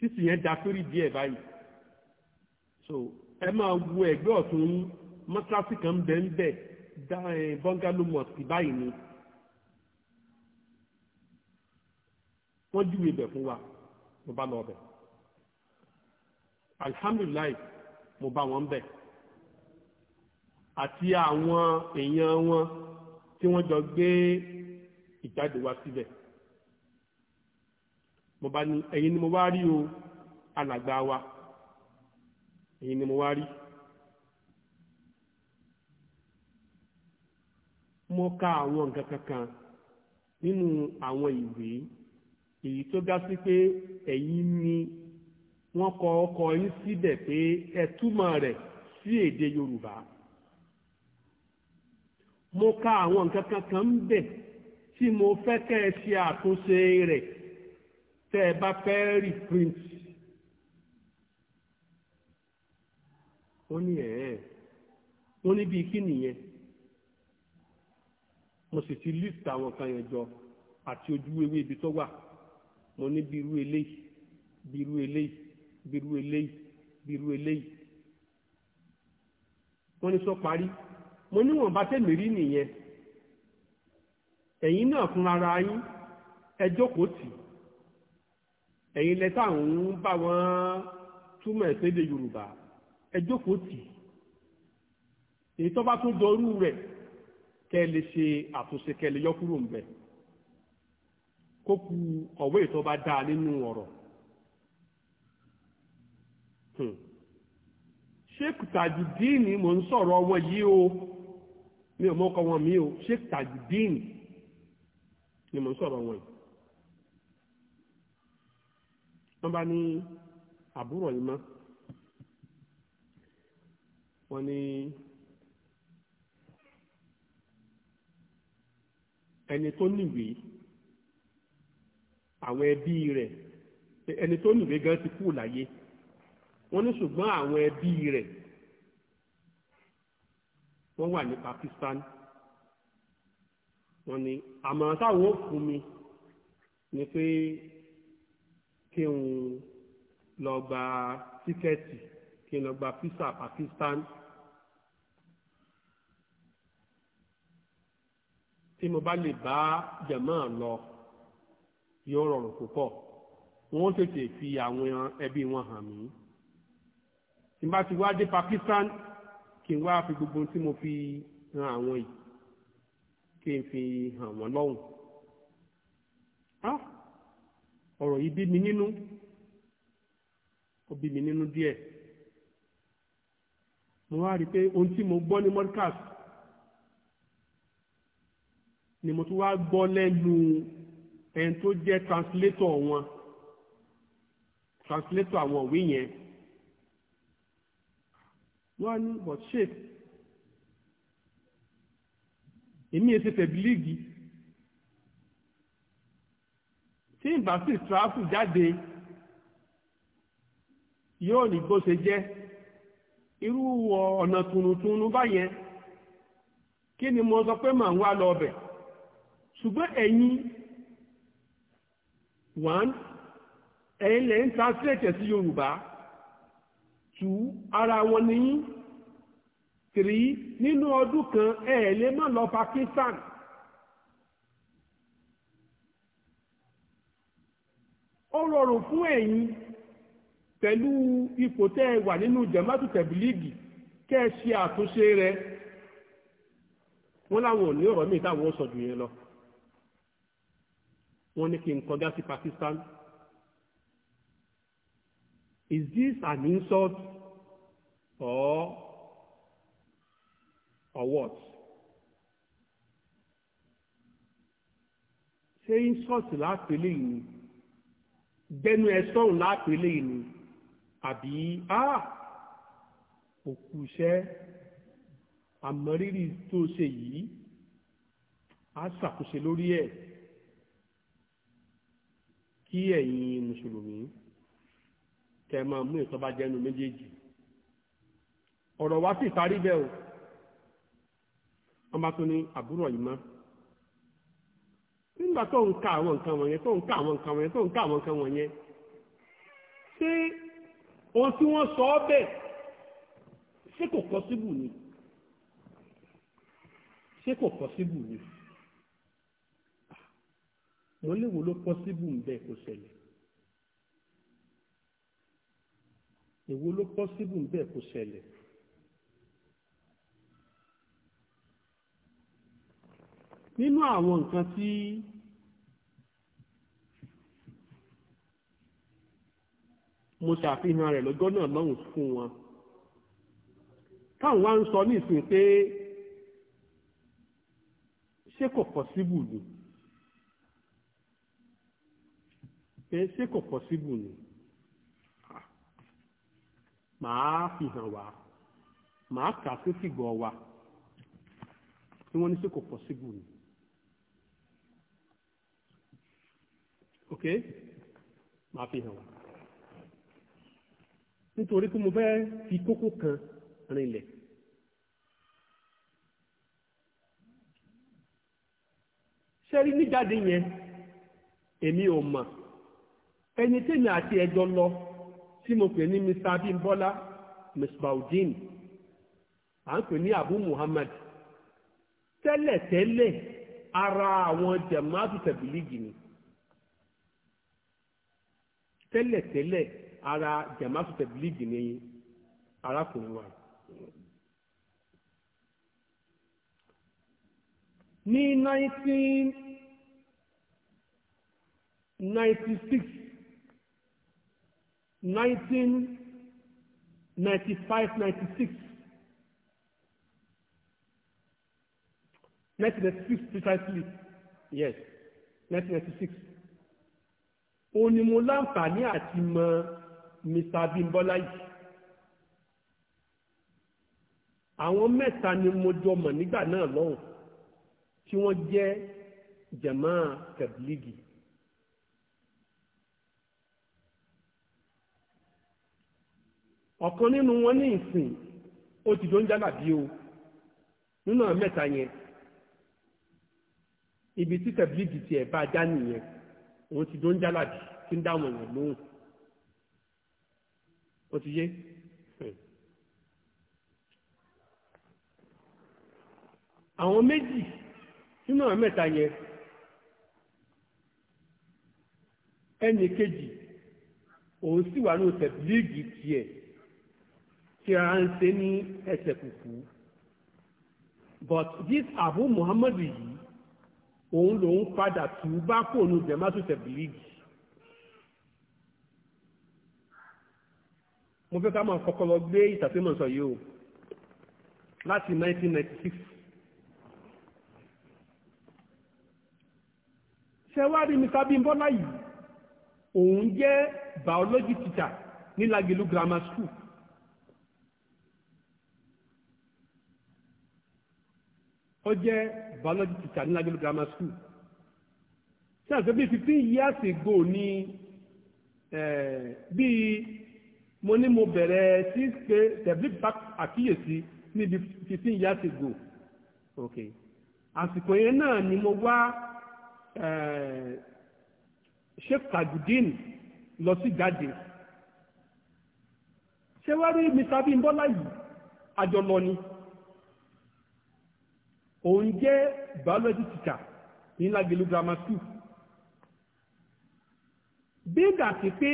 sísì yẹn da sórí díẹ̀ báyìí so ẹ máa wo ẹ̀gbẹ́ ọ̀tún yín mọ́tíráṣí kan bẹ́ẹ̀ ń bẹ̀ dá ẹ bọ́ngálò mọ̀sí báyìí ni wọ́n júwe ibẹ̀ fún wa mo bá lọ ọbẹ̀ alihamdulilayi mo bá wọn bẹ̀ àti àwọn èèyàn wọn tí wọ́n jọ gbé ìjáde wá síbẹ̀. Si mo bá ní ẹ̀yin ni mo wá rí o alàgbà wa ẹ̀yin ni mo wá rí. mo ka àwọn nǹkan kankan nínú àwọn ìwé èyí tó ga sí pé ẹ̀yin ni wọ́n kọ ọkọ yín síbẹ̀ pé ẹ túmọ̀ sí èdè Yorùbá mo ka àwọn nǹkan kankan ń bẹ̀ tí mo fẹ́ kẹ́ ẹ ṣe àtúnṣe rẹ̀ tẹ́ ẹ bá fẹ́ print wọ́n ní ẹ̀ ẹ̀ẹ́ wọ́n ní bíi kí nìyẹn mo sì ti list àwọn kan yẹn jọ àti ojú ewé ibi tó wà mo ní bí irú eléyìí bí irú eléyìí bí irú eléyìí bí irú eléyìí wọ́n ní sọ parí mo níwọ̀n bá tẹ̀mí rí nìyẹn ẹ̀yin náà fún ara yín ẹ jókòó tì í ẹ̀yin lẹ́tà ń bá wọn túmọ̀ ìpéde yorùbá ẹ jókòó tì èyí tó bá tún dọrú rẹ̀ kẹ́ ẹ lè ṣe àtúnṣe kẹ́ ẹ lè yọ kúrò ń bẹ̀ kó ku ọ̀wé èyí bá dáa nínú ọ̀rọ̀ sheik tajudeen mò ń sọ̀rọ̀ wọn yìí o mi ò mọ́kọ wọn mi o sheik tajudeen ni mò ń sọ̀rọ̀ wọn yìí. wọ́n bá ní àbúrò yìí mọ́ wọ́n ní ẹni tó níwèé àwọn ẹbí rẹ̀ ẹni tó níwèé gan ti kú láyé wọ́n ní ṣùgbọ́n àwọn ẹbí rẹ̀ wọ́n wà ní Pakistan wọ́n ní àmọ̀ràn táwọn ó fún mi ni pé kí n lọ gba tíkẹ́ẹ̀tì kí n lọ gba físà Pakistan tí mo bá lè bá jẹ̀mọ́ lọ yóò rọrùn púpọ̀ wọn ó tètè fi àwọn ẹbí wọn hàn mí tí n bá ti wá dé Pakistan kí n wá fi gbogbo tí mo fi ran àwọn yìí kí n fi hàn wọ́n lọ́hùn. Ah! ọ̀rọ̀ yìí bí mi nínú ó bí mi nínú díẹ̀ mo wá rí i pé ohun tí mo gbọ́ ní mọ́dcast ni mo tún wá gbọ́ lẹ́nu ẹni tó jẹ́ translator wọn translator àwọn òwe yẹn wọ́n á ní but sheik èmi èsì tẹ̀bílíìgì tí ìbá sì tíráfù jáde yóò ní bó ṣe jẹ́ irú ọ̀nà tunutunu báyẹn kí ni mo sọ pé màá wá lọ ọbẹ̀ ṣùgbọ́n ẹ̀yin one ẹ̀yin lè ń translate sí Yorùbá two ara wọn nìyí three nínú ọdún kan ẹ̀ lè má lọ Pakistan ó rọrùn fún ẹ̀yin pẹ̀lú ipò tẹ́ ẹ wà nínú jamaatu tẹ̀bílíìgì kẹ́ ẹ ṣe àtúnṣe rẹ̀ wọ́n láwọn ò ní ọ̀rọ̀ míì táwọn ó sọ jù yẹn lọ wọ́n ní kí n kọjá sí Pakistan is this an insult or or what ṣé insult láti lè yìí gbẹ́nu ẹ sọ́hùn lápèlé ni àbí á ah, òkú iṣẹ́ àmọ́rírì tó ṣe yìí á ṣàkóso lórí ẹ̀ kí ẹ̀yin mùsùlùmí kẹ́ máa mú ìtọ́ba jẹ́nu méjèèjì ọ̀rọ̀ wa sì parí bẹ́ẹ̀ o wọ́n bá tún ní àbúrò yìí mọ́ nígbà tó ń ka àwọn nǹkan wọ̀nyẹn tó ń ka àwọn nǹkan wọ̀nyẹn tó ń ka àwọn nǹkan wọ̀nyẹn ṣé ohun tí wọ́n sọ ọ́ bẹ́ẹ̀ ṣé kò pọ́síbù ni ṣé kò pọ́síbù ni mo léwo ló pọ́síbù ń bẹ́ẹ̀ kó ṣẹlẹ̀ èwo ló pọ́síbù ń bẹ́ẹ̀ kó ṣẹlẹ̀. nínú àwọn nǹkan tí mo ṣàfihàn rẹ̀ lọ́jọ́ náà lọ́hùn fún wọn táwọn wá ń sọ ní ìsìn pé ṣé kò pọ̀síbù ni pé ṣé kò pọ̀síbù ni màá fi hàn wá màá kà sí fìgbọ́ wa tí wọ́n ní ṣé kò pọ̀síbù ni. ok màá fi hàn wá nítorí pé mo fẹ́ fi kókó kan rinlẹ̀. sẹ́rí níjáde yẹn èmi ò mọ̀ ẹni tèmi àti ẹjọ́ lọ tí mo pè ní Mr. Abimbola Misbaudin à ń pè ní Abu Muhammad tẹ́lẹ̀tẹ́lẹ̀ ara àwọn jẹ̀máàtù tẹ̀bílígì ni tẹ́lẹ̀tẹ́lẹ̀ ara jamaatu tẹ̀blíìgì ní arákùnrin wa. ní nineteen ninety six nineteen ninety five ninety six nineteen ninety six precisely yes nineteen ninety six òní láǹfààní àti mọ Mr. Bímbọ́lá yìí àwọn mẹ́ta ni mo jọ mọ̀ nígbà náà lọ́hùn tí wọ́n jẹ́ jamaa tẹ̀blígì ọ̀kan nínú wọn ní ìsìn ó ti dóńjà làbí o nínú àwọn mẹ́ta yẹn ibi tí tẹ̀blígì tiẹ̀ bá já nìyẹn òun ti dóńjà làbí tí ń dáwọn èèyàn lóhùn ó ti yé. àwọn méjì nínú àwọn mẹ́ta yẹn ẹnì kejì òun sì wà ní tẹ̀bílíìgì tiẹ̀ tí a ń ṣe ní ẹsẹ̀ kùkù but this Abu Muhammad yìí òun lòun padà tù ú bá kó òun jẹ̀ má tù mo fẹ́ ká máa kọ́kọ́ lọ gbé ìtàfímọ̀ sọ yìí o láti 1996 ṣẹwárí Mr. Bímbọ́lá yìí òun jẹ́ biology teacher ní Lagelu Grammar School ó jẹ́ biology teacher ní Lagelu Grammar School ṣe àṣẹ bí 15 years ago ni eh, bíi mo ní mo bẹ̀rẹ̀ sí pé tẹ̀blík bá àkíyèsí níbi fifteen years ago ok àsìkò yẹn náà ni mo wá eh, Sheikh Tajudeen lọ sí jáde ṣé wá rí Mr. Bímbọ́lá yìí àjọlọ ni òun jẹ́ biology teacher ní Lágelú grammar school bí ìgbà pé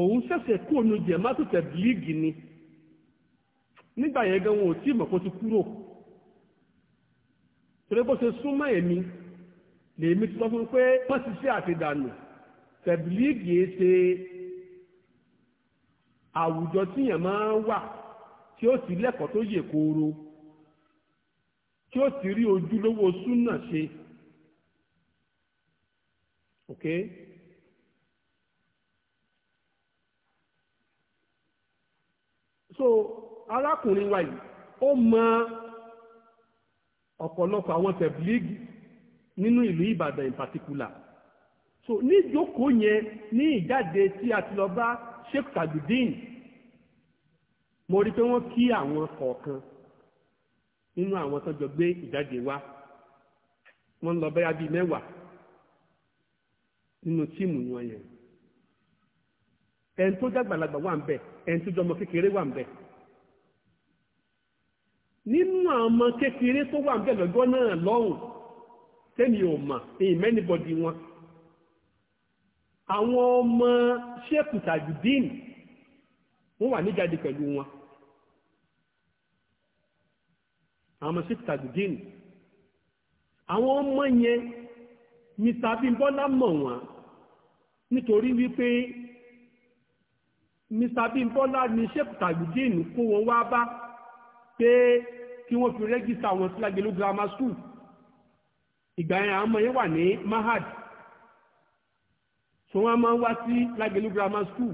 òun ṣẹ̀ṣẹ̀ kúrò ní to tẹ̀blíìgì ni nígbà yẹn gan wọn ò tí mọ̀ ti kúrò torí bó ṣe súnmọ́ èmi lèmi ti sọ fún pé wọ́n ti ṣe àtìdànù tẹ̀blíìgì yẹn ṣe àwùjọ tíyàn máa wà tí ó sì lẹ́kọ̀ọ́ tó tí ó sì rí ojúlówó so arákùnrin wa yìí ó mọ ọ̀pọ̀lọpọ̀ àwọn tẹ̀blígì nínú ìlú Ìbàdàn in particular so ní ìjókòó yẹn ní ìjáde tí a ti lọ bá Sheikh Tajudeen mo rí pé wọ́n kí àwọn kọ̀ọ̀kan nínú àwọn tó jọ gbé ìjáde wa wọ́n lọ bẹ́yà bíi mẹ́wàá nínú tíìmù wọn yẹn ẹni tó jàgbàlagbà wà ń bẹ̀ ẹni tó jọmọ kékeré wà ń bẹ̀ nínú àwọn kékeré tó wà ń bẹ̀ lọ́jọ́ náà lọ́hùn tẹ́mi ò mà èyí mẹ́nibọ̀dì wọn àwọn ọmọ sheikh tajudeen wọ́n wà níjáde pẹ̀lú wọn àwọn ọmọ sheikh tajudeen àwọn ọmọ yẹn mr bimbola mọ̀ wọ́n nítorí wípé Mr. Bímbọ́lá ni Sheikh Tajudeen kó wọn wá bá pé kí wọ́n fi rẹ́gísítà wọn sí Lágbèlú grammar school ìgbà yẹn àwọn ọmọ yẹn wà ní Mahad so wọ́n máa ń wá sí Lágbèlú grammar school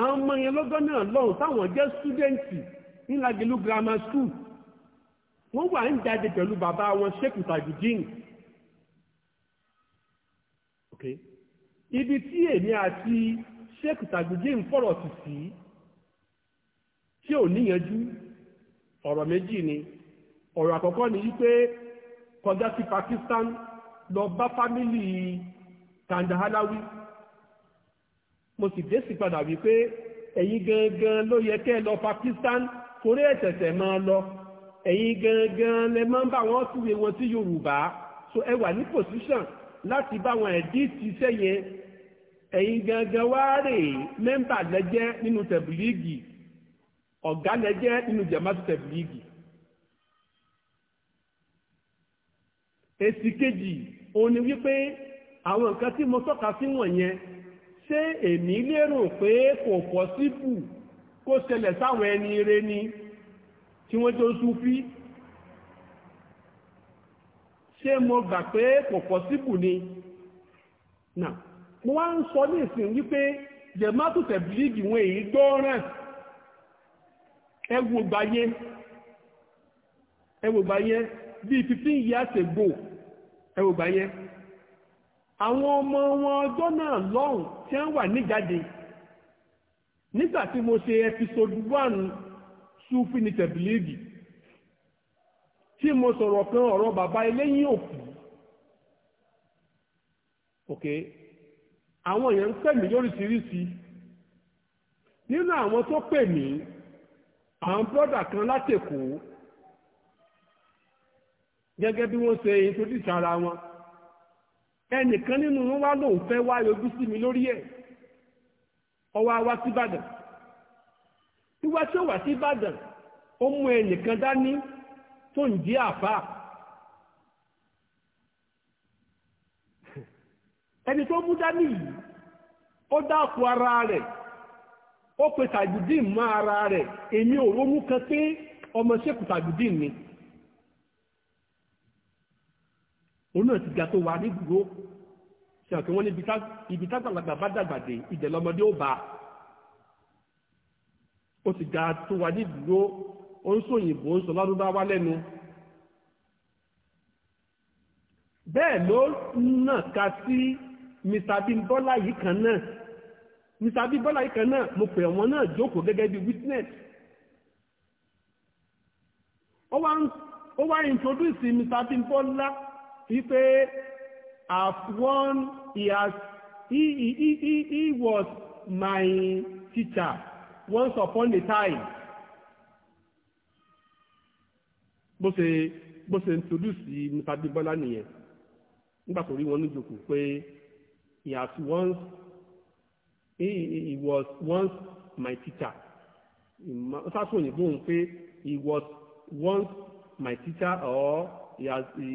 àwọn ọmọ yẹn lọ́gọ́ náà lọ́hùn táwọn jẹ́ stúdẹ́ǹtì ní Lágbèlú grammar school wọ́n wà ń jáde pẹ̀lú bàbá wọn Sheikh Tajudeen okay ibi tí èmi àti sheik tàgbìjì ń fọ̀rọ̀ tì sí tí ò níyanjú ọ̀rọ̀ méjì ni ọ̀rọ̀ àkọ́kọ́ ni wípé kọjá sí Pakistan lọ bá fámìlì Kandahalawi mo sì dé sí padà wípé ẹ̀yin gangan ló yẹ kẹ́ lọ Pakistan torí ẹ̀tẹ̀tẹ̀ máa lọ ẹ̀yin gangan lẹ máa ń bá wọn túwèé wọn sí Yorùbá so ẹ wà ní pòsíṣàn láti bá wọn ẹ̀dí ṣiṣẹ́ yẹn ẹ̀yin gangan wá rè mẹ́mbà lẹ́jẹ́ nínú tẹ̀bílíìgì ọ̀gá lẹ́jẹ́ nínú jẹ̀mátì tẹ̀bílíìgì. èsì kejì òun ni wípé àwọn nǹkan tí mo tọ́ka sí wọ̀nyẹn ṣé èmi lérò pé kò pọ̀ síbù kó ṣẹlẹ̀ sáwọn ẹni ire ni tí wọ́n jọ Súfí. ṣé mo gbà pé kò ni na mo wá ń sọ ní ìsìn wípé wọn èyí gbọ́ràn ẹwù gbáyé ẹwù gbáyé bíi fifteen years ago ẹwù gbáyé àwọn ọmọ wọn ọjọ́ náà lọ́hùn tí wọ́n wà níjáde nígbà tí mo ṣe episode one tí mo sọ̀rọ̀ kan ọ̀rọ̀ bàbá eléyìn òkú ok àwọn èèyàn ń pè mí lóríṣiríṣi nínú àwọn tó pè mí àwọn bọ́dà kan látẹ̀kọ́ gẹ́gẹ́ bí wọ́n ṣe introduce ara wọn ẹnìkan nínú wọn wá lóun fẹ́ wá yọjú sí mi lórí ẹ̀ ọwọ́ awá síbàdàn wíwá tí ó wà síbàdàn ó mú ẹnìkan dání tó ń jẹ́ àfà ẹni tó mú dání yìí ó dákun ara rẹ̀ ó pe tàjùdín mọ́ ara rẹ̀ èmi ò rómú kan pé ọmọ ṣẹ́kù ni òun náà ti ga tó wà nídùúró ṣe ọ̀kẹ́ ibi tágbàlagbà bá ó bá ó ti ga tó ó ń sòyìnbó ń sọ lárúbáwá lẹ́nu bẹ́ẹ̀ ló nà ká sí mr bímbọ́lá yìí kan náà mr bímbọ́lá yìí kan náà mo pè wọ́n náà jókòó gẹ́gẹ́ bí witness ó wá introduce mr bímbọ́lá wípé as one he has he, he, he, he was my teacher once upon a time bó ṣe bó ṣe introduce nípa bíbọ́lá nìyẹn nígbà tó rí wọn níjòkó pé he has once he, he was once my teacher ó sáà sòyìn bóun pé he was once my teacher or he has he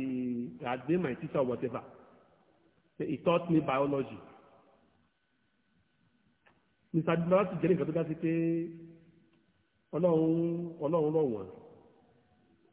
has been my teacher or whatever he taught me biology mr bíbọ́lá ti jẹ́ nǹkan tó dá sí pé ọlọ́run ọlọ́run rọ̀ wọ́n.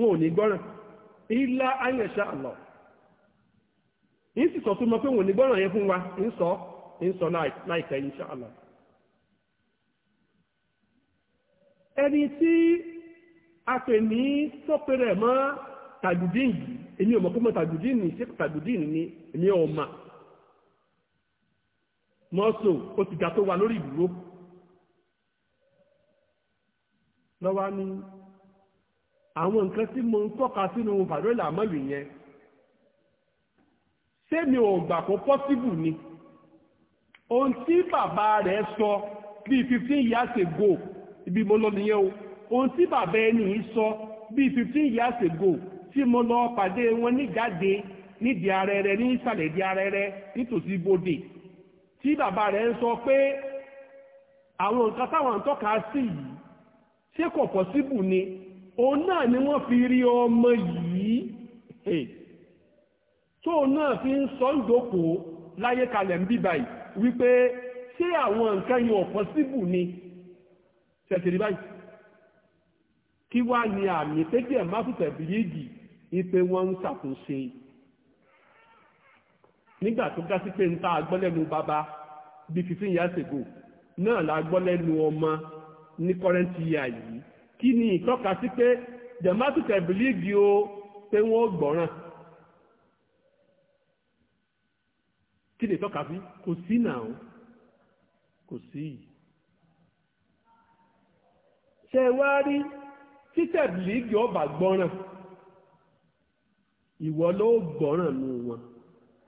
wọn ò ní gbọ́ràn ilá ayẹ̀ṣà àlọ́ ń sì sọ tó mọ pé wọn ò ní gbọ́ràn yẹn fún wa ń sọ ń sọ láìpẹ́ ẹni tí a pè ní sọ́pẹ̀rẹ̀ mọ́ tàgùdín yìí èmi ò mọ̀ pé mo tàgùdín ní ṣé tàgùdín ní èmi ò mà mọ́sọ̀ ó ti ga tó wa lórí ìdúró lọ́wọ́ ni. àwọn nǹkan tí mo ń tọ́ka sínú fàdúrà àmọ́lù yẹn sẹ́mi ò gbà kó pọ́síbù ni ohun tí bàbá rẹ̀ sọ bíi fifteen years ago ibi mo lọ nìyẹn o ohun tí bàbá ẹni yìí sọ bíi fifteen years ago tí mo lọ pàdé wọn níjáde nídìí ara rẹ ní ìsàlẹ̀ ìdí ara rẹ nítòsí bodè tí bàbá rẹ̀ ń sọ pé àwọn nǹkan táwọn ń tọ́ka sí yìí ṣé kò pọ́síbù ni òun náà ni wọ́n fi rí ọmọ yìí tóun náà fi ń sọ ìdókòó láyé kalẹ̀ ń bíbá yìí wípé ṣé àwọn nǹkan yìí ọ̀pọ̀ síbù ni ṣẹ̀ṣẹ̀rí báyìí kí wá ní àmì pété ẹ̀ máfùtẹ̀ bí yéègì ipe wọ́n ń ṣàtúnṣe nígbà tó dá sí pé ń ta agbọ́lẹ́nu bàbá bíi fifteen years náà la gbọ́ lẹ́nu ọmọ ní current year yìí kí ni ìtọ́ka sí pé jamaatu tẹ̀bílíìgì o pé wọ́n gbọ́ràn kí ni ìtọ́ka sí kò sí náà kò sí yìí ṣe wá rí tí tẹ̀bílíìgì ọba gbọ́ràn ìwọ ló gbọ́ràn nù wọn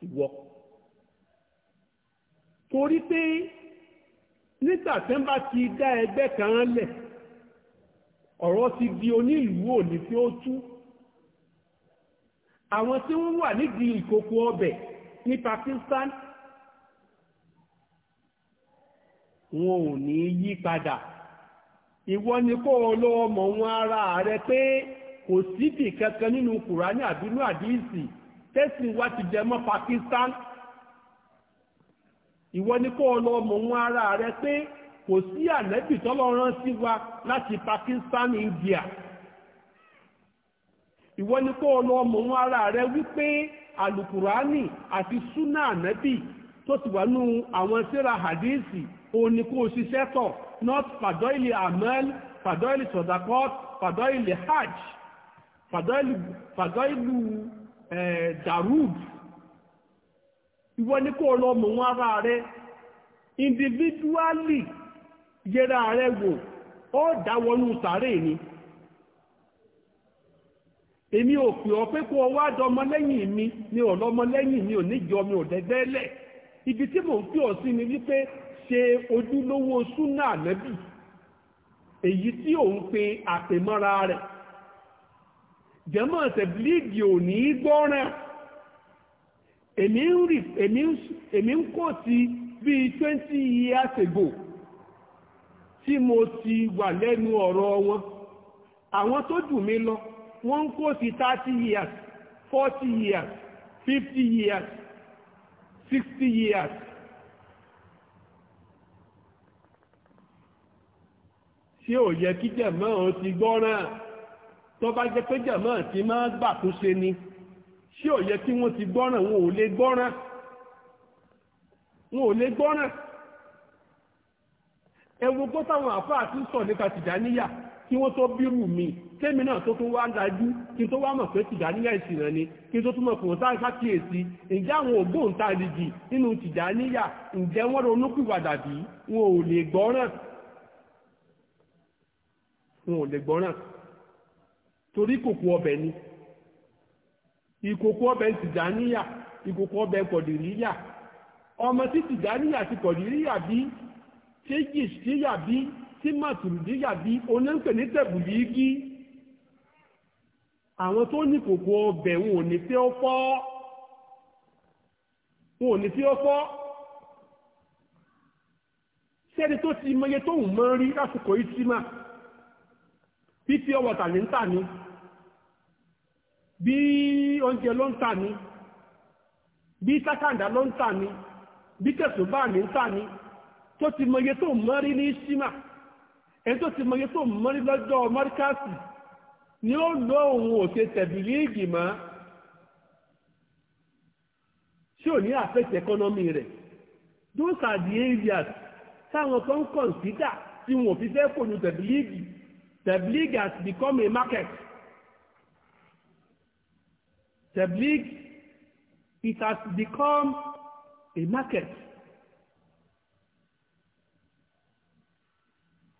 ìwọ torí pé nígbà tí wọ́n bá ti dá ẹgbẹ́ kan lẹ̀ ọ̀rọ̀ ti di onílùú òní tí ó tú àwọn tí wọ́n wà nídìí ìkòkò ọbẹ̀ ní Pakistan wọn ò ní yí padà ìwọ ni kó o lọ mọ̀ wọn ara rẹ pé kò síbì kankan nínú kùránì àbínú àdíìsì tẹ́sìn wa ti jẹ mọ́ Pakistan ìwọ ni kó o mọ̀ wọn ara rẹ pé kò sí ànẹ́bì tọ́lọ́rán sí wa láti Pakistan India ìwọ ni kó lọ mọ̀ wọn ara rẹ wípé alukurani àti suna ànẹ́bì tó ti wà nú àwọn sẹ́ra hadisi òun ni kó ṣiṣẹ́ tọ̀ not fàdọ́ìlì amel fàdọ́ìlì sọ̀dàkọ́t fàdọ́ìlì hajj fàdọ́ìlù darud ìwọ ni kó lọ mọ̀ wọn ara rẹ individually yẹra rẹ wò ó dáwọnú sàárè ni èmi ò pè ọ pé kó o wá dọmọ lẹ́yìn mi ni ò lọmọ lẹ́yìn mi ò níjọ mi ò ibi tí mò ń pè ọ sí ni wípé ṣe ojúlówó súnà ànábì èyí tí òun pe àpèmọ́ra rẹ̀ jẹ́mọ́ tẹ̀blíìgì ò ní gbọ́ràn èmi ń kò sí bíi twenty years ago tí mo ti wà lẹ́nu ọ̀rọ̀ wọn àwọn tó jù mí lọ wọ́n ń kó ti thirty years forty years fifty years sixty years ṣé ò yẹ kí jẹ̀mọ́ ò ti gbọ́ràn tó bá jẹ́ pé jẹ̀mọ́ ti máa gbà tó ṣe ni ṣé ò yẹ kí wọ́n ti gbọ́ràn wọn ò lè gbọ́ràn wọn ò lè gbọ́ràn. ewu kó táwọn àfá àti sọ̀ nípa tìjàníyà kí wọ́n tó bírù mi tẹ́mi náà tó tún wá ń dájú kí tó wá mọ̀ pé ìsìnà ni kí tó túnmọ̀ ìsákìyèsí àwọn ògbóǹtarìgì nínú ǹjẹ́ wọ́n wọn ò lè gbọ́ràn wọn ò lè gbọ́ràn torí ni ọbẹ̀ ọmọ tí ti kọ̀dìríyà tí jìṣíyà bí tí màtùrùdíyà bí onípè ní tẹ̀bùlígí àwọn tó ní kòkó ọbẹ̀ wọn ò ní tí ó fọ́ wọn ò ní tí ó fọ́ sẹ́ni tó ti mọye tó ń mọ́ rí lásìkò ìsímà fífi ọwọ́ tà ní ń tà ní bí oúnjẹ ló ń tà ní bí sákàndá ló ń tà ní bí kẹsùn bá ní ń tà ní tó ti mọye tó mọ́rí ní ṣímà ẹni tó ti mọye tó mọ́rí lọ́jọ́ mọ́ríkàsì ni ó lọ òun ò ṣe tẹ̀bìlì ìgbìmọ̀ tí ò ní àfẹ́tẹ̀ ẹkọ́nọ́mì rẹ̀ those are the areas táwọn kan ń kọ̀ǹsídà tí wọn ò fi fẹ́ fòyún tẹ̀bìlìgì tẹ̀bìlìgì has become a market tẹ̀bìlìgì it has become a market.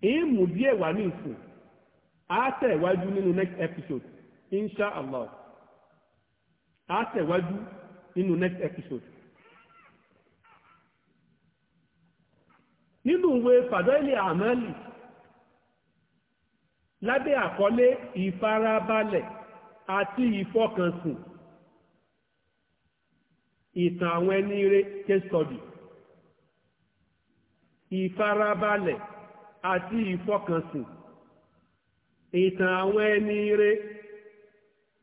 ìmú díẹ̀ wà ní ìsìn á tẹ̀wájú nínú next episode inshaAllah A á tẹ̀wájú nínú next episode. nínú ìwé fàdọ́ìlì àmọ́lì lábẹ́ àkọlé ìfarabalẹ̀ àti ìfọkànsìn ìtàn àwọn ẹni ire case study ìfarabalẹ̀ àti ìfọkànsìn ìtàn àwọn ẹni rẹ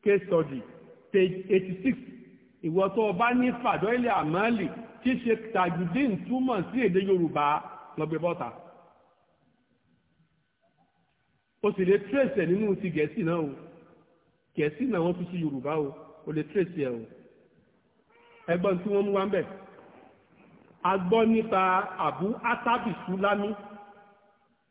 case study page eighty six ìwọ tó o bá ní fàdọ́ìlẹ̀ àmọ́lì tí ṣe tajudeen túmọ̀ sí èdè yorùbá lọ́gbẹ́ bọ́ta o sì lè trace ẹ̀ nínú ti gẹ̀ẹ́sì náà o gẹ̀ẹ́sì náà wọ́n tún sí yorùbá o o lè trace ẹ̀ o ẹgbọ́n tí wọ́n mú wá ń bẹ̀ a gbọ́ nípa àbú átábì súlámí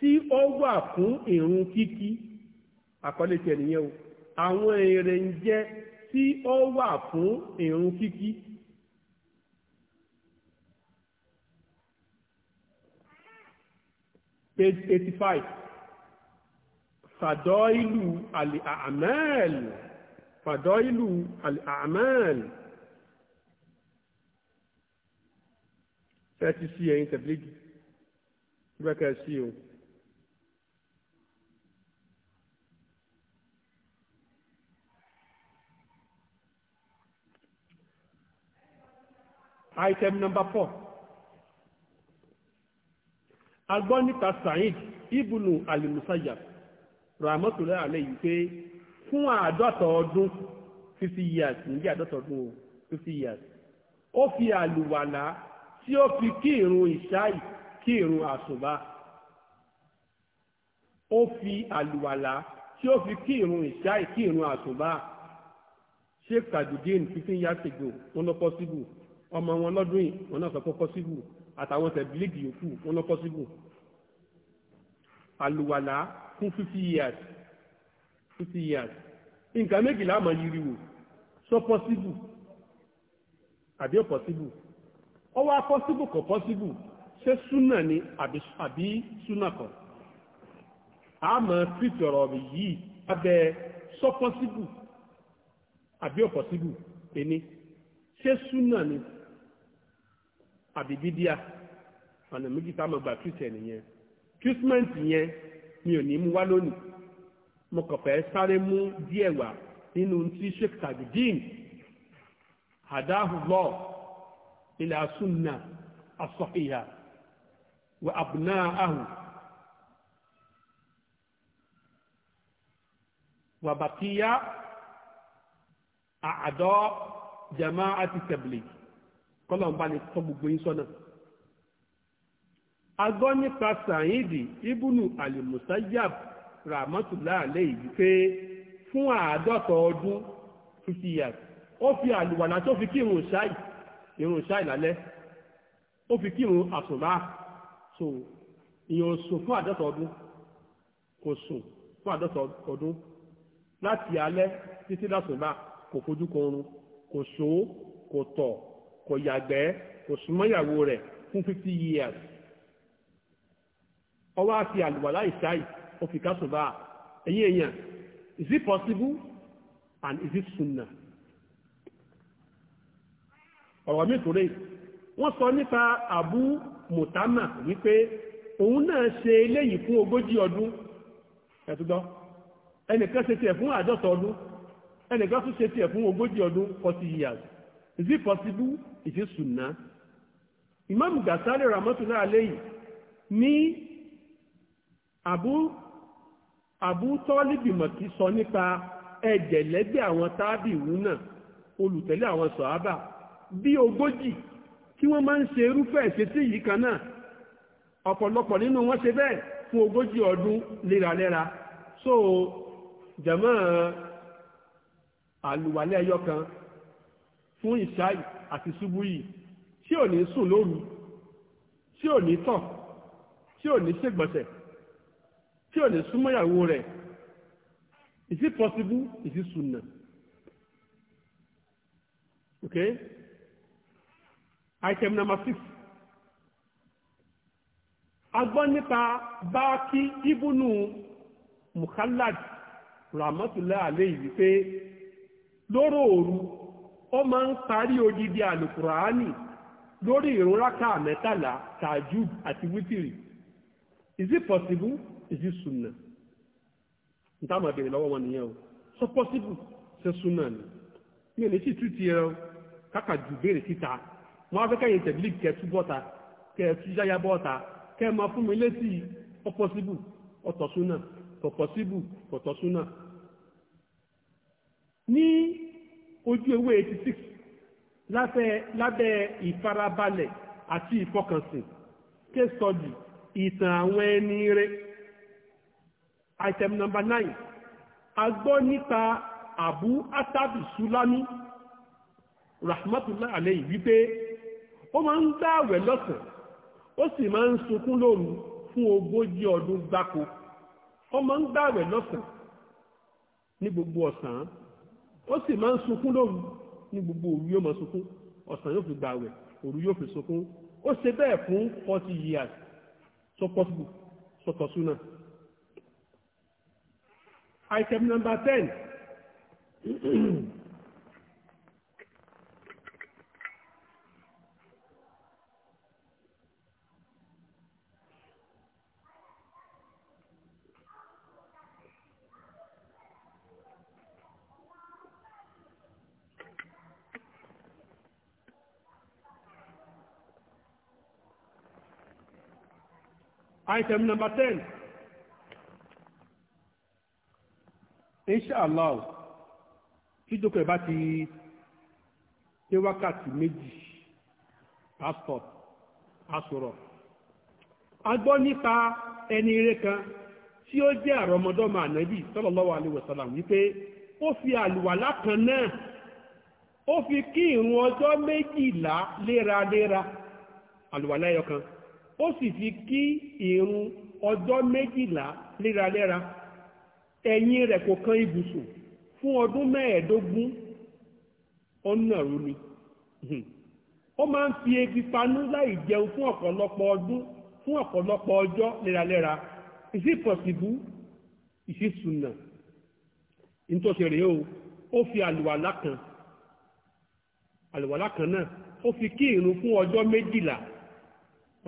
tí ó wà fún ìrun kíkí àkọlé tiẹ̀ nìyẹn o àwọn èrè ń jẹ tí ó wà fún ìrun kíkí. page eighty five fàdọ́ìlù àlìàmẹ́ẹ̀lì fàdọ́ìlù àlìàmẹ́ẹ̀lì fẹ́ẹ́ ti sí ẹ̀yin tẹ̀blígì gbẹ́kẹ̀ sí o. item number four agbọ́ nípa Sa'id ibùnú alimusayab rahmatulahi alayhi pé fún àádọ́ta ọdún fifty years níbi àádọ́ta ọdún fifty years ó fi àlùwàlá tí ó fi kí ìrun ìṣáì kí ìrun àṣùbà ó fi àlùwàlá tí ó fi kí ìrun ìṣáì kí ìrun àṣùbà sheikh tajudeen fifteen years ago wọn lọ pọ síbù ọmọ wọn lọ́dún yìí wọn náà sọ pé pọ́síbù àtàwọn tẹ̀bílíìgì yòókù wọn lọ pọ́síbù àlùwàlà fún fifty years fifty years nǹkan méjìlá àmọ́ yiri wò sọ pọ́síbù àbí ọ̀pọ̀síbù ó wá pọ́síbù kò pọ́síbù ṣé súnà ni àbí súnà kọ̀ àmọ́ fìtì ọ̀rọ̀ mi yìí abẹ́ sọ pọ́síbù àbí ọ̀pọ̀síbù ẹni ṣé súnà ni àbí bídíà ọ̀nà méjì táwọn gbà treatment nìyẹn treatment yẹn mi ò ní mú wá lónìí mo kàn fẹ́ sáré mú díẹ̀ wá nínú tí sheikh tajudeen hadahullah ila sunna as-sahiha wa abna'ahu wa baqiya a'da jama'ati tabligh kọ́lọ̀ ń bá ní tọ́ gbogbo yín sọ́nà. a gbọ́ nípa sàyíǹdì ibùnú alimusayab rahmatulá pé fún àádọ́ta ọdún fifty years ó fi àlùwàlà tó fi ṣáì irun ṣáì lálẹ́ ó fi kírun àsùnbá so ìyẹn sùn fún àádọ́ta ọdún kò sùn fún àádọ́ta ọdún kò yàgbẹ́ kò súnmọ́ ìyàwó rẹ̀ fún fifty years ó wá fi àlùwàlá ìsáì ó fi kásùn bá ẹ̀yìn èèyàn is it possible and is it sunnah ọ̀rọ̀ mi tó rẹ̀ wọ́n sọ nípa àbú mùtámà wípé òun náà ṣe eléyìí fún ogójì ọdún ẹ̀túgbọ́ ẹnìkan ṣe tiẹ̀ fún àádọ́ta ọdún ẹnìkan tún ṣe tiẹ̀ fún ogójì ọdún forty years Is it possible? Is it sunnah? Imam Ghazali Rahmatullah Alayhi ní Abu Abu Tọ́líbì Mọ̀kí sọ nípa ẹ̀jẹ̀lẹ́gbẹ̀ àwọn tábì ìwú náà olùtẹ̀lé àwọn sọ̀hábà bí ogójì tí wọ́n máa ń ṣe irúfẹ́ ìṣesí yìí kan náà ọ̀pọ̀lọpọ̀ nínú wọn ṣe bẹ́ẹ̀ fún ogójì ọdún léraléra so jẹ̀mọ́ àlùwalẹ̀ ẹyọ kan fún ìṣáì àti ṣubú yìí tí ò ní sùn lóru tí ò ní tàn tí ò ní ṣègbọ̀nsẹ̀ tí ò ní súnmọ́ ìyàwó rẹ̀ is it possible is it sunna okay item number six a gbọ́ nípa báákí ibùnú mukhallad rahmatullah alayhi wípé lóró òru ó máa ń parí odidi àlùkùránì lórí ìrun rákà mẹ́tàlá àti wítìrì is it possible is it sunna n táwọn àbẹ̀rẹ̀ lọ́wọ́ wọn nìyẹn o so possible ṣe sunna ni mi ò ní sì tú o káka ju béèrè síta wọn á fẹ́ kẹ́yìn tẹ̀bílì kẹ́tú bọ́ta kẹ́tú yáyá bọ́ta kẹ́ máa fún mi létí ó possible ọ̀tọ̀ sunna kò possible ọ̀tọ̀ sunna ní ojú ewé eighty six lábẹ́ lábẹ́ ìfarabalẹ̀ àti ìfọkànsìn case ìtàn àwọn item number nine a gbọ́ abu atabi sulami rahmatulah alayhi wípé ó máa ń gbààwẹ̀ lọ́sàn-án ó sì máa ń sunkún lóru fún ogójì ọdún gbáko ó máa ń gbààwẹ̀ lọ́sàn-án ní gbogbo ọ̀sán ó sì máa ń sunkún lóru ní gbogbo òru yóò máa sunkún ọ̀sán yóò fi gbààwẹ̀ òru yóò fi sunkún ó ṣe bẹ́ẹ̀ fún forty years so possible so tọ̀súnà. item number ten Item number ten. Inshallah, tí jókòó ẹ̀ bá ti dé wákàtí méjì, passport, asọ̀rọ̀. A gbọ́ nípa ẹni ire kan tí ó jẹ́ àrọmọdọ́mọ ànábì sallallahu alaihi wasallam wípé ó fi àlùwàlá kan náà ó fi kí ìrun ọjọ́ méjìlá léraléra àlùwàlá ẹyọ kan ó sì fi kí ìrun ọjọ́ méjìlá léraléra ẹ̀yìn rẹ̀ kò kan ibùsùn fún ọdún mẹ́ẹ̀ẹ́dógún ọ̀nà rú ni ó máa ń fi ebi panú láì jẹun fún ọ̀pọ̀lọpọ̀ ọdún fún ọ̀pọ̀lọpọ̀ ọjọ́ léraléra is it possible is it sunna nítòsí rèé o ó fi àlùwàlá kan àlùwàlá kan náà ó fi kí ìrun fún ọjọ́ méjìlá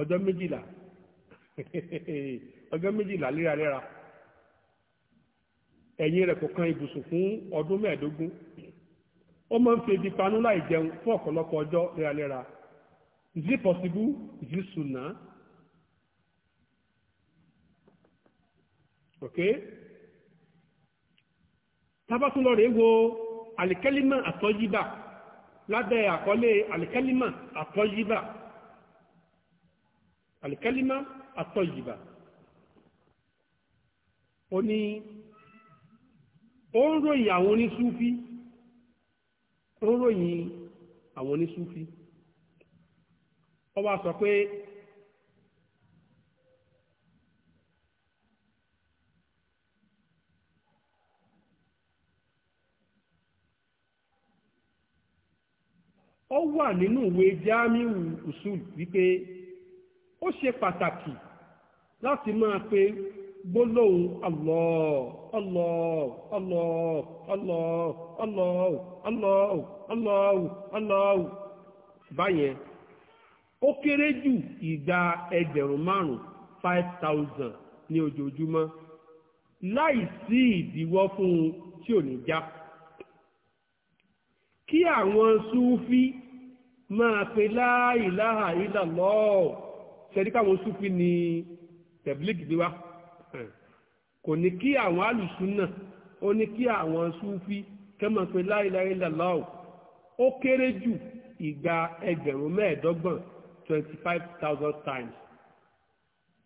ọjọ́ méjìlá ọjọ́ méjìlá léraléra ẹ̀yìn rẹ̀ kò ibùsùn fún ọdún mẹ́ẹ̀ẹ́dógún ó máa ń fi ebi panú láì jẹun fún ọ̀pọ̀lọpọ̀ ọjọ́ léraléra is it possible is it ok wo alikẹ́límà àtọ́jíbà Alikalima àtọ̀yìbà ó ní ó ń ròyìn àwọn onísúfí ó ń ròyìn àwọn onísúfí ó wá sọ pé ó wà nínú ìwé jámíù usul wípé ó ṣe pàtàkì láti máa pe gbólóhùn Allah Allah Allah Allah Allah Allah Allah Allah báyẹn ó kéré jù ìgbà ẹgbẹ̀rún márùn-ún five thousand ní ojoojúmọ́ láì sí ìdíwọ́ fún un tí ò ní já kí tẹ̀rí káwọn súfì ní tẹ̀blík gbé wá kò ní kí àwọn alùsùnà ó ní kí àwọn súfì kẹ́mọ̀ pé láìláì làláwò ó kéré jù ìgbà ẹgbẹ̀rún mẹ́ẹ̀ẹ́dọ́gbọ̀n twenty five thousand times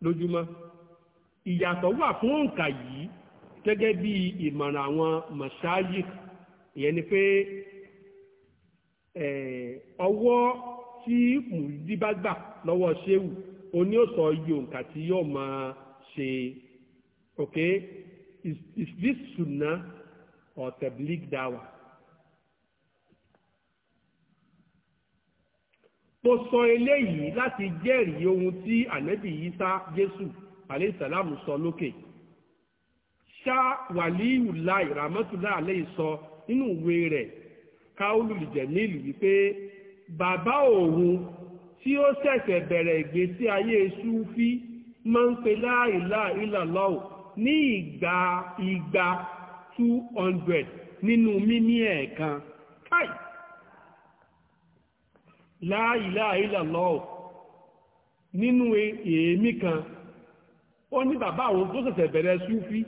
lójúmọ́ ìyàtọ̀ wà fún òǹkà yìí gẹ́gẹ́ bí ìmọ̀ràn àwọn mọ̀ṣááyì ìyẹn ni pé ọwọ́ tí mùsùlùmí bá gbà lọ́wọ́ ṣéwù oní òsọ iye òǹkà tí yóò máa ṣe ok is, is this sunnah or tabligh dawa. mo sọ eléyìí láti jẹ́rìí ohun tí ànábì Ìsá Jésù aleyhisalaam sọ lókè ṣá wàlíùlá ìràmọ́túlá aleyhi sọ nínú ìwé rẹ̀ káwùlù jẹ̀mílì wípé bàbá òun tí ó ṣẹ̀ṣẹ̀ bẹ̀rẹ̀ ìgbésí ayé súfí máa ń pe láìlá ìlàlọ́wù ní ìgbà ìgbà 200 nínú mímí ẹ̀ẹ̀kan káì láìlá ìlàlọ́wù nínú èémí kan ó ní bàbá àwọn tó ṣẹ̀ṣẹ̀ bẹ̀rẹ̀ súfí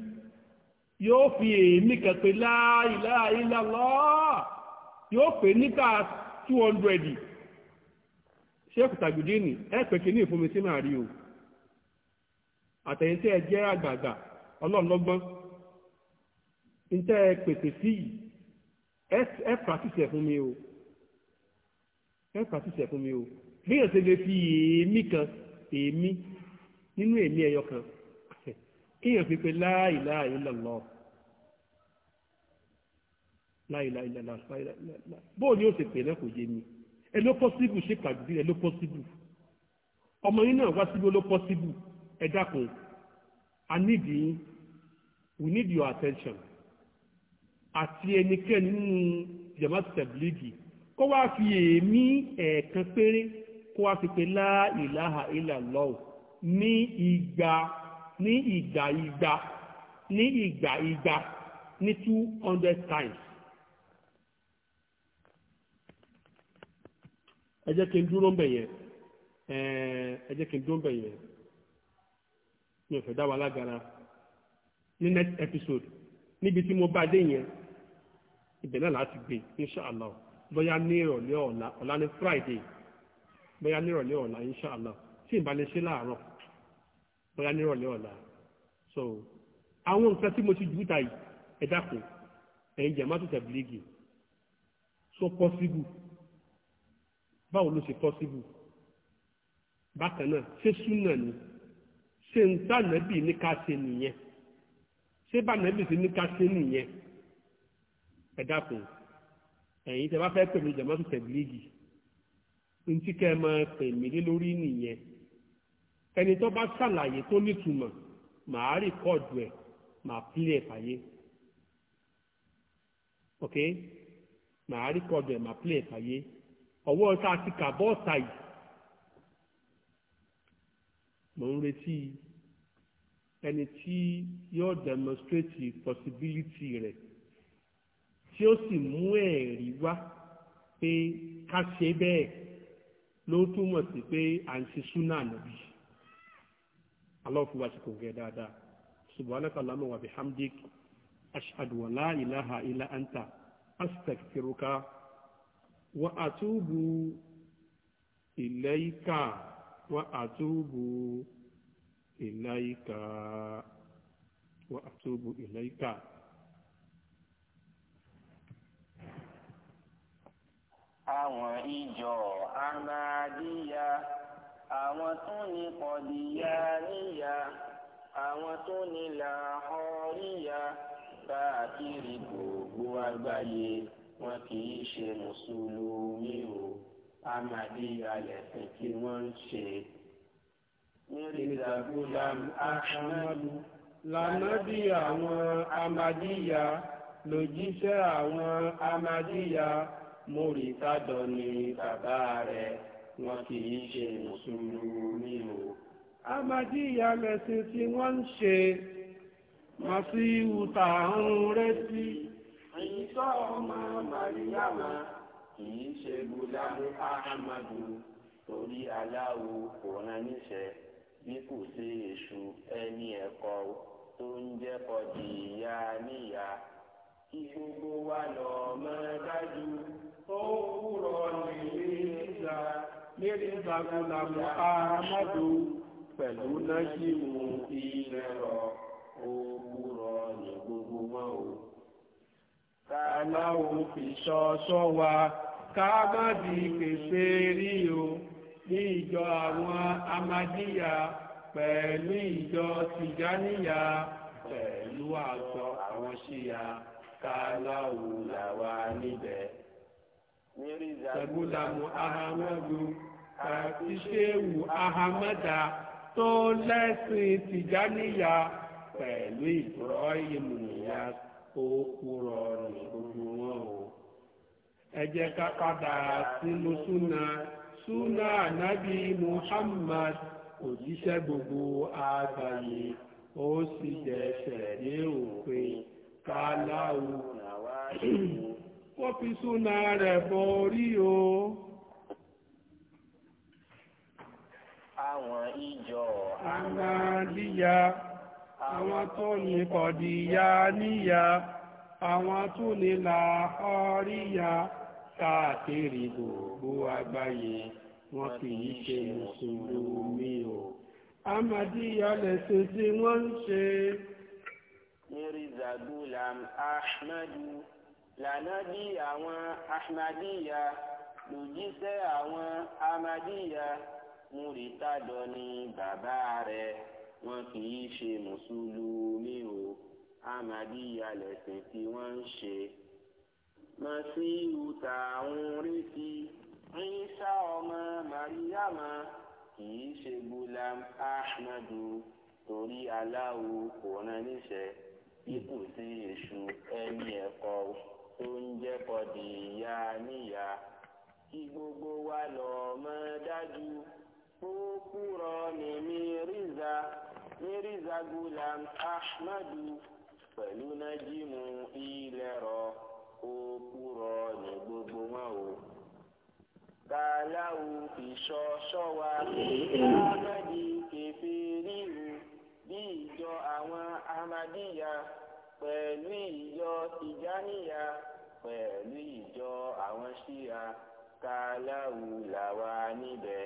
yóò fi èémí kan pé láìlá ìlàlọ́wù yóò pè níta 200 ṣéèkù tàgùdíìnì ẹ pé kí ní ìfúnmi tí màá rí o àtẹ̀yìn tí ẹ jẹ́ àgbààgbà ọlọ́run lọ́gbọ́n ní tẹ́ ẹ pèsè sí yìí ẹ practice ẹ̀ fún mi o ẹ practice ẹ̀ fún mi o bí èsè lè fi èémí kan èémí nínú èémí ẹyọ kan èèyàn fi pé la ilaha illallah la ilaha illallah bóò ni ó ti pè náà kò yé mi ẹ ló pọ́síbù ṣe pàdé ẹ ló pọ́síbù ọmọ yín náà wá síbi ló pọ́síbù ẹ dákun i need yín we need your attention àti ẹnikẹ́ni nínú jamaat tabligi kó wá fi èémí ẹ̀ẹ̀kan péré kó wá fi pé la ilaha illallah ní ìgbà ní ìgbà ìgbà ní ìgbà ìgbà ní two hundred times. ẹ jẹ́ kí n dúró ń bẹ̀ yẹn ẹ jẹ́ kí n dúró ń bẹ̀ yẹn mi ò fẹ́ dá wa lágara ní next episode níbi tí mo bá dé yẹn ibẹ̀ náà láti gbé bóyá ní ìrọ̀lẹ́ ọ̀la ọ̀la ní friday bóyá ní ìrọ̀lẹ́ ọ̀la inshàlá tí bóyá ní ìrọ̀lẹ́ ọ̀la àwọn nǹkan tí mo ti jù ta yìí ẹ báwo ló ṣe pọ́síbù bákan náà ṣé súnà ni ṣé ń tá nàbì ní ká ṣe nìyẹn ṣé bá nàbì ṣe ní ká ṣe nìyẹn ẹ dákun ẹ̀yin tẹ bá fẹ́ pè mí jàmọ́tò tẹ̀blígì ntí kẹ́ ẹ máa pè mí lé lórí nìyẹn ẹni tó bá ṣàlàyé tó nítumọ̀ màá rìkọ́ọ̀dù ẹ̀ màá pílẹ̀ fàyè ok màá rìkọ́ọ̀dù ẹ̀ màá pílẹ̀ fàyè ọwọ́ tá a ti kà bọ́ọ̀tà yìí mò ń retí ẹni tí yóò demonstrate possibility rẹ̀ tí ó sì mú ẹ̀rí wá pé ká ṣe bẹ́ẹ̀ ló túmọ̀ sí pé à ń ṣe súnà nàbí aláwọ̀fúnwa ti kò gẹ̀ dáadáa subhanaka allahumma wa bihamdik ashhadu wa la ilaha illa anta astaghfiruka wa àtúbù ìlẹ́yìká wa àtúbù ìlẹ́yìká wa àtúbù ìlẹ́yìká. àwọn ìjọ ahmadiyya àwọn tó ní kọdíyà níyà àwọn tó ní làhọríyà káàkiri gbogbo àgbáyé wọn kì í ṣe mùsùlùmí o Ahmadiyya lẹ̀sìn tí wọ́n ń ṣe. Mirza Ghulam Ahmadu lànàbí àwọn Ahmadiyya lòjíṣẹ́ àwọn Ahmadiyya mórítàdọ̀ ni bàbá rẹ̀ wọn kì í ṣe mùsùlùmí o. Ahmadiyya lẹ̀sìn tí wọ́n ń ṣe màsíwù tààrùn rẹ́sí. ìsọ ọmọ màríyàmà kì í ṣe gúlámù ahamadu torí aláwo kò níṣẹ́ bí kò sí èṣù ẹni ẹ̀kọ́ tó ń jẹ́kọ̀ di ìyá níyà kí gbogbo wa lọ mọ̀ dájú ó wúrọ̀ nílé ìgbà nílé ìgbà pẹ̀lú náà ṣì o. aláwo fi ṣọ wa ká má di pèsè rí o ní ìjọ àwọn amadíyà pẹ̀lú ìjọ tìjáníyà pẹ̀lú àjọ àwọn ṣíyà ká láwo làwa níbẹ̀. sẹ́gúdàmù ahamadu àti ṣéwù ahamada tó lẹ́sìn tìjáníyà pẹ̀lú ìgbọ́ ìmùnìyà. ó kúrọ ní gbogbo wọn o ẹ jẹ́ ká padà sínú súnà súnà nábì Muhammad òjíṣẹ́ gbogbo àgbáyé ó sì jẹ́sẹ̀ dé òpin káláwù wọ́n fi súnà rẹ̀ bọ orí o. àwọn ìjọ àmàlíyà. àwọn tó ní kọ̀díyà níyà àwọn tó ní làhọ́ríyà káàkiri gbogbo àgbáyé wọn kì í ṣe mùsùlùmí o. amadiya lẹ̀sìn tí wọ́n ń ṣe. mirza gulam ahmadu lànàbí àwọn ahmadiya lòjíṣẹ́ àwọn ahmadiya múritádọ́ ni bàbá rẹ̀ wọn kì í ṣe mùsùlùmí o amadiya lẹ̀sìn tí wọ́n ń ṣe. masiu tá retí Ìsá ọmọ mariama kì í ṣe gulam ahmadu torí aláwo kò rán níṣẹ́ bí kò sí èṣù ẹni ẹ̀kọ́ tó ń jẹ́kọ̀ di ìyá níyà kí gbogbo wa lọ mọ̀ dájú ó kúrọ ní mírízà mírízà gulam ahmadu pẹ̀lú nájímù ilẹ̀rọ òpùrọ̀ ní gbogbo wọn o. kàláwù ìṣọ́ ṣọ́wa ahmadi kẹfẹ́ ríru bí ìjọ àwọn ahmadiyya pẹ̀lú ìjọ tìjáníyà pẹ̀lú ìjọ àwọn ṣíya kàláwù làwa níbẹ̀.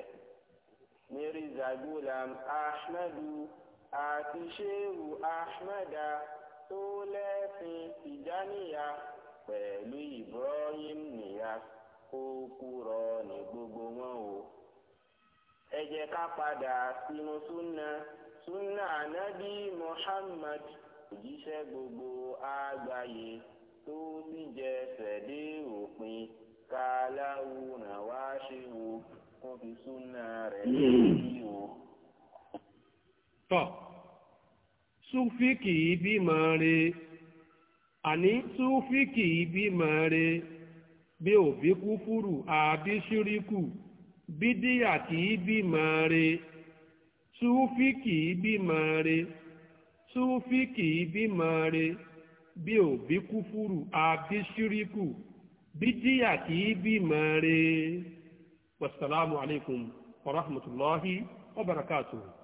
mírízà gulam ahmadu. àti ṣéhù ahmeda tó lẹ́sìn tìjáníyà pẹ̀lú ibrahim nìyà kó kúrọ ní gbogbo wọn o. ẹ jẹ́ ká padà sínú súnà súnà ànábì muhammad òjíṣẹ́ gbogbo àgbáyé tó sì jẹsẹ̀ dé òpin ká láwùrán wá ṣe kó fi súnà rẹ̀ lé o. tọ́ súfì kì í bímọ re àní súfì kì í bímọ re bí òbí kúfúrù àbí ṣíríkù bídíà kì í bímọ re súfì kì í re súfì kì í re bí òbí kúfúrù àbí ṣíríkù bídíà kì í bímọ re wasalaamu wa rahmatulahi wa barakatuhu.